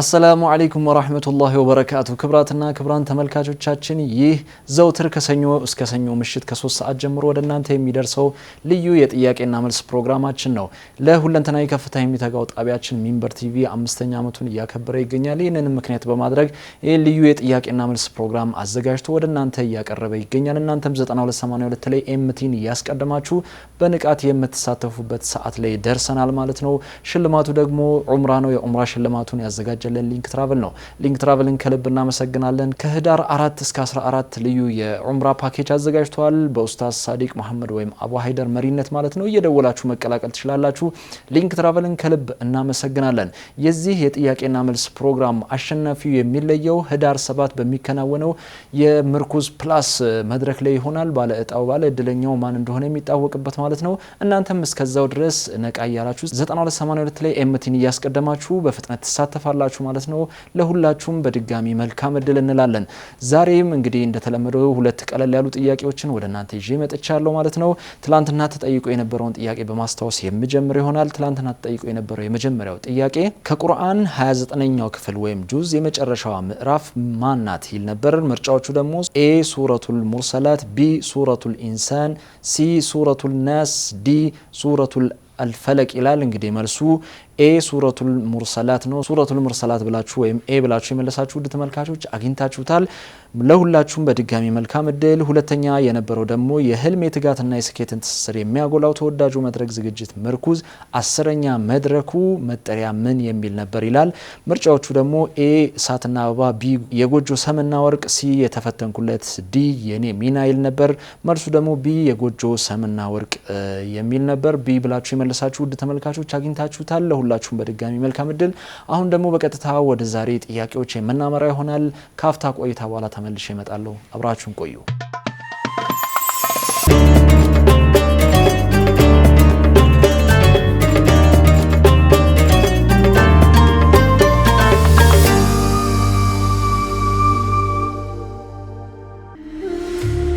አሰላሙ አለይኩም ወራህመቱላሂ ወበረካቱ። ክብራትና ክብራን ተመልካቾቻችን ይህ ዘውትር ከሰኞ እስከ ሰኞ ምሽት ከሶስት ሰዓት ጀምሮ ወደ እናንተ የሚደርሰው ልዩ የጥያቄና መልስ ፕሮግራማችን ነው። ለሁለንተናዊ ከፍታ የሚተጋው ጣቢያችን ሚንበር ቲቪ አምስተኛ ዓመቱን እያከበረ ይገኛል። ይህንንም ምክንያት በማድረግ ይህ ልዩ የጥያቄና መልስ ፕሮግራም አዘጋጅቶ ወደ እናንተ እያቀረበ ይገኛል። እናንተም 9282 ላይ ኤምቲን እያስቀደማችሁ በንቃት የምትሳተፉበት ሰዓት ላይ ደርሰናል ማለት ነው። ሽልማቱ ደግሞ ዑምራ ነው። የዑምራ ሽልማቱን ያዘጋጅ ያዘጋጀልን ሊንክ ትራቭል ነው። ሊንክ ትራቭልን ከልብ እናመሰግናለን። ከህዳር አራት እስከ 14 ልዩ የዑምራ ፓኬጅ አዘጋጅተዋል። በኡስታዝ ሳዲቅ መሐመድ ወይም አቡ ሀይደር መሪነት ማለት ነው። እየደወላችሁ መቀላቀል ትችላላችሁ። ሊንክ ትራቭልን ከልብ እናመሰግናለን። የዚህ የጥያቄና መልስ ፕሮግራም አሸናፊው የሚለየው ህዳር ሰባት በሚከናወነው የምርኩዝ ፕላስ መድረክ ላይ ይሆናል። ባለ እጣው ባለ እድለኛው ማን እንደሆነ የሚታወቅበት ማለት ነው። እናንተም እስከዛው ድረስ ነቃ እያላችሁ 9282 ላይ ኤምቲን እያስቀደማችሁ በፍጥነት ትሳተፋላችሁ። ትችላላችሁ ማለት ነው። ለሁላችሁም በድጋሚ መልካም እድል እንላለን። ዛሬም እንግዲህ እንደተለመደው ሁለት ቀለል ያሉ ጥያቄዎችን ወደ እናንተ ይዤ መጥቻለሁ ማለት ነው። ትላንትና ተጠይቆ የነበረውን ጥያቄ በማስታወስ የምጀምር ይሆናል። ትላንትና ተጠይቆ የነበረው የመጀመሪያው ጥያቄ ከቁርአን 29ኛው ክፍል ወይም ጁዝ የመጨረሻዋ ምዕራፍ ማናት ይል ነበር። ምርጫዎቹ ደግሞ ኤ ሱረቱል ሙርሰላት፣ ቢ ሱረቱል ኢንሳን፣ ሲ ሱረቱል ናስ፣ ዲ ሱረቱል አልፈለቅ ይላል። እንግዲህ መልሱ ኤ ሱረቱል ሙርሰላት ነው። ሱረቱል ሙርሰላት ብላችሁ ወይም ኤ ብላችሁ የመለሳችሁ ውድ ተመልካቾች አግኝታችሁታል። ለሁላችሁም በድጋሚ መልካም እድል። ሁለተኛ የነበረው ደግሞ የህልም የትጋትና የስኬትን ትስስር የሚያጎላው ተወዳጁ መድረክ ዝግጅት ምርኩዝ አስረኛ መድረኩ መጠሪያ ምን የሚል ነበር ይላል። ምርጫዎቹ ደግሞ ኤ እሳትና አበባ፣ ቢ የጎጆ ሰምና ወርቅ፣ ሲ የተፈተንኩለት፣ ዲ የኔ ሚና ይል ነበር። መልሱ ደግሞ ቢ የጎጆ ሰምና ወርቅ የሚል ነበር። ቢ ብላችሁ የመለሳችሁ ውድ ተመልካቾች አግኝታችሁታል። ሁላችሁም በድጋሚ መልካም እድል። አሁን ደግሞ በቀጥታ ወደ ዛሬ ጥያቄዎች የምናመራ ይሆናል። ካፍታ ቆይታ በኋላ ተመልሼ እመጣለሁ። አብራችሁን ቆዩ።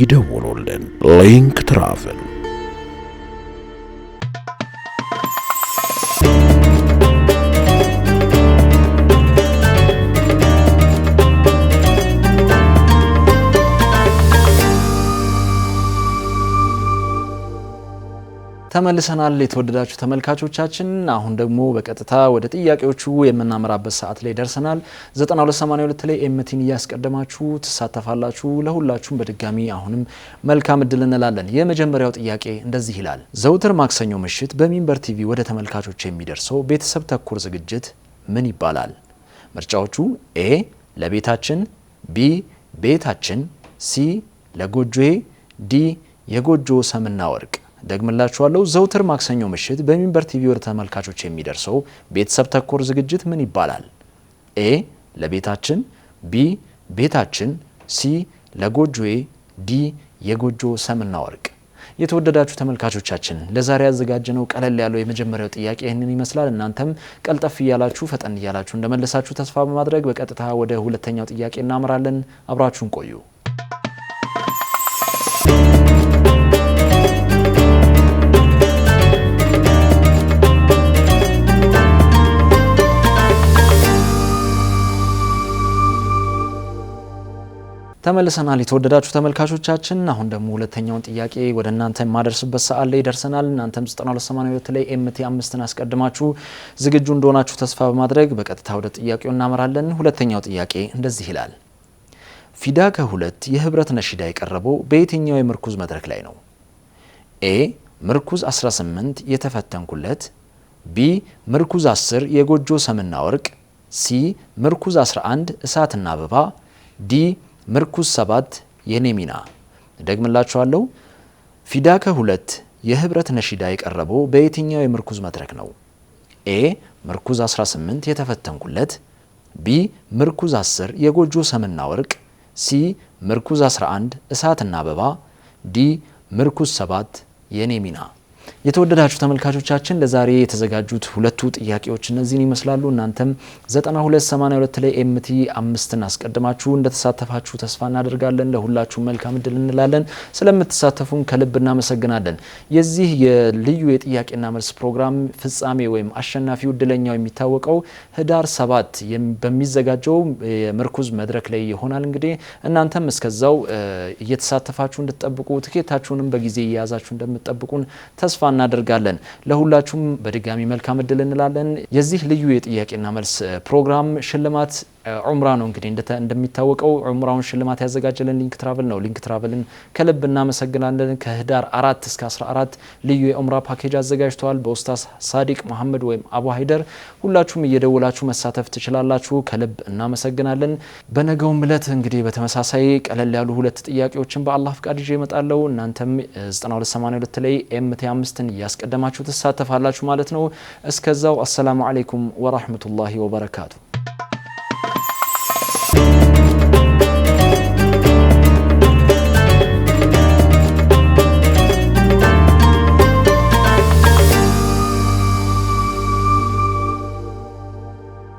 ይደውሉልን። ሊንክ ትራቭል ተመልሰናል የተወደዳችሁ ተመልካቾቻችን። አሁን ደግሞ በቀጥታ ወደ ጥያቄዎቹ የምናመራበት ሰዓት ላይ ደርሰናል። 9282 ላይ ኤምቲን እያስቀደማችሁ ትሳተፋላችሁ። ለሁላችሁም በድጋሚ አሁንም መልካም እድል እንላለን። የመጀመሪያው ጥያቄ እንደዚህ ይላል። ዘውትር ማክሰኞ ምሽት በሚንበር ቲቪ ወደ ተመልካቾች የሚደርሰው ቤተሰብ ተኮር ዝግጅት ምን ይባላል? ምርጫዎቹ ኤ ለቤታችን፣ ቢ ቤታችን፣ ሲ ለጎጆዬ፣ ዲ የጎጆ ሰምና ወርቅ ደግምላችኋለሁ። ዘውትር ማክሰኞ ምሽት በሚንበር ቲቪ ወደ ተመልካቾች የሚደርሰው ቤተሰብ ተኮር ዝግጅት ምን ይባላል? ኤ ለቤታችን፣ ቢ ቤታችን፣ ሲ ለጎጆዬ፣ ዲ የጎጆ ሰምና ወርቅ። የተወደዳችሁ ተመልካቾቻችን ለዛሬ ያዘጋጀነው ቀለል ያለው የመጀመሪያው ጥያቄ ይህንን ይመስላል። እናንተም ቀልጠፍ እያላችሁ ፈጠን እያላችሁ እንደመለሳችሁ ተስፋ በማድረግ በቀጥታ ወደ ሁለተኛው ጥያቄ እናምራለን። አብራችሁን ቆዩ። ተመልሰናል። የተወደዳችሁ ተመልካቾቻችን አሁን ደግሞ ሁለተኛውን ጥያቄ ወደ እናንተ የማደርስበት ሰዓት ላይ ደርሰናል። እናንተም 9282 ላይ ኤምቲ አምስትን አስቀድማችሁ ዝግጁ እንደሆናችሁ ተስፋ በማድረግ በቀጥታ ወደ ጥያቄው እናመራለን። ሁለተኛው ጥያቄ እንደዚህ ይላል። ፊዳ ከሁለት የህብረት ነሺዳ የቀረበው በየትኛው የምርኩዝ መድረክ ላይ ነው? ኤ ምርኩዝ 18 የተፈተንኩለት፣ ቢ ምርኩዝ 10 የጎጆ ሰምና ወርቅ፣ ሲ ምርኩዝ 11 እሳትና አበባ፣ ዲ ምርኩዝ ሰባት የኔ ሚና ደግምላችኋለሁ። ፊዳከ ሁለት የህብረት ነሺዳ የቀረበው በየትኛው የምርኩዝ መድረክ ነው? ኤ ምርኩዝ 18 የተፈተንኩለት፣ ቢ ምርኩዝ 10 የጎጆ ሰምና ወርቅ፣ ሲ ምርኩዝ 11 እሳትና አበባ፣ ዲ ምርኩዝ 7 የኔ ሚና የተወደዳችሁ ተመልካቾቻችን ለዛሬ የተዘጋጁት ሁለቱ ጥያቄዎች እነዚህን ይመስላሉ። እናንተም 9282 ላይ ኤምቲ አምስትን አስቀድማችሁ እንደተሳተፋችሁ ተስፋ እናደርጋለን። ለሁላችሁ መልካም እድል እንላለን። ስለምትሳተፉም ከልብ እናመሰግናለን። የዚህ የልዩ የጥያቄና መልስ ፕሮግራም ፍጻሜ ወይም አሸናፊው እድለኛው የሚታወቀው ህዳር ሰባት በሚዘጋጀው የምርኩዝ መድረክ ላይ ይሆናል። እንግዲህ እናንተም እስከዛው እየተሳተፋችሁ እንድትጠብቁ ትኬታችሁንም በጊዜ እየያዛችሁ እንደምትጠብቁን ተስፋ እናደርጋለን። ለሁላችሁም በድጋሚ መልካም እድል እንላለን። የዚህ ልዩ የጥያቄና መልስ ፕሮግራም ሽልማት ዑምራ ነው እንግዲህ እንደሚታወቀው ዑምራውን ሽልማት ያዘጋጀልን ሊንክ ትራቨል ነው። ሊንክ ትራቨልን ከልብ እናመሰግናለን። ከህዳር አራት እስከ 14 ልዩ የዑምራ ፓኬጅ አዘጋጅተዋል በኡስታዝ ሳዲቅ መሐመድ ወይም አቡ ሀይደር። ሁላችሁም እየደወላችሁ መሳተፍ ትችላላችሁ። ከልብ እናመሰግናለን። በነገውም እለት እንግዲህ በተመሳሳይ ቀለል ያሉ ሁለት ጥያቄዎችን በአላህ ፍቃድ ይዤ እመጣለሁ። እናንተም 9282 ላይ ኤምቲ አምስትን እያስቀደማችሁ ትሳተፋላችሁ ማለት ነው። እስከዛው አሰላሙ አሌይኩም ወራህመቱላሂ ወበረካቱ።